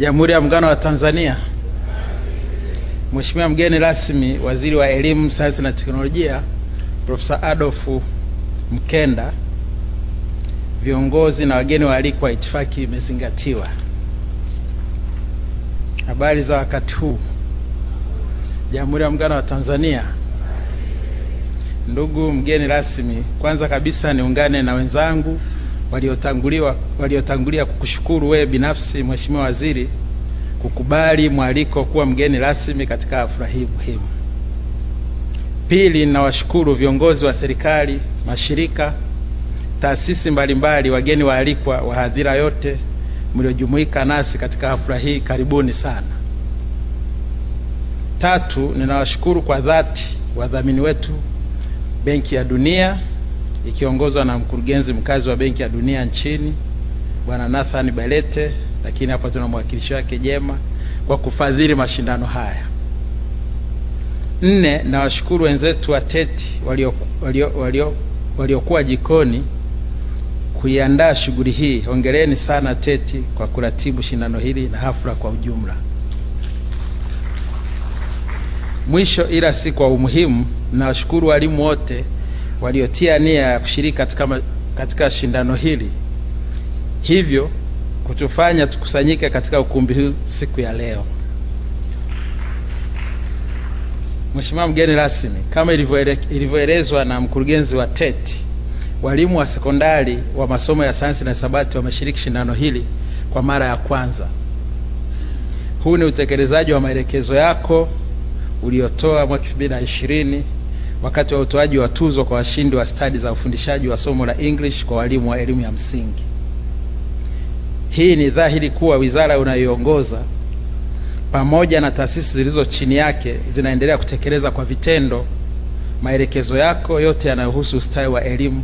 Jamhuri ya Muungano wa Tanzania. Mheshimiwa mgeni rasmi, Waziri wa Elimu, Sayansi na Teknolojia Profesa Adolfu Mkenda, viongozi na wageni waalikwa, itifaki imezingatiwa. Habari za wakati huu. Jamhuri ya Muungano wa Tanzania. Ndugu mgeni rasmi, kwanza kabisa niungane na wenzangu waliotanguliwa waliotangulia kukushukuru wewe binafsi Mheshimiwa Waziri kukubali mwaliko kuwa mgeni rasmi katika hafla hii muhimu. Pili, ninawashukuru viongozi wa serikali, mashirika, taasisi mbalimbali, wageni waalikwa wa hadhira yote mliojumuika nasi katika hafla hii, karibuni sana. Tatu, ninawashukuru kwa dhati wadhamini wetu Benki ya Dunia ikiongozwa na mkurugenzi mkazi wa Benki ya Dunia nchini Bwana Nathan Balete, lakini hapa tuna mwakilishi wake Jema kwa kufadhili mashindano haya. Nne, nawashukuru wenzetu wa TETI waliokuwa walio, walio, walio jikoni kuiandaa shughuli hii. Hongereni sana TETI kwa kuratibu shindano hili na hafla kwa ujumla. Mwisho ila si kwa umuhimu, nawashukuru walimu wote waliotia nia ya kushiriki katika, katika shindano hili, hivyo kutufanya tukusanyike katika ukumbi huu siku ya leo. Mheshimiwa mgeni rasmi, kama ilivyoelezwa na mkurugenzi wa TET, walimu wa sekondari wa masomo ya sayansi na hisabati wameshiriki shindano hili kwa mara ya kwanza. Huu ni utekelezaji wa maelekezo yako uliotoa mwaka ishirini wakati wa utoaji wa tuzo kwa washindi wa stadi za ufundishaji wa somo la English kwa walimu wa elimu ya msingi. Hii ni dhahiri kuwa wizara unayoongoza pamoja na taasisi zilizo chini yake zinaendelea kutekeleza kwa vitendo maelekezo yako yote yanayohusu ustawi wa elimu.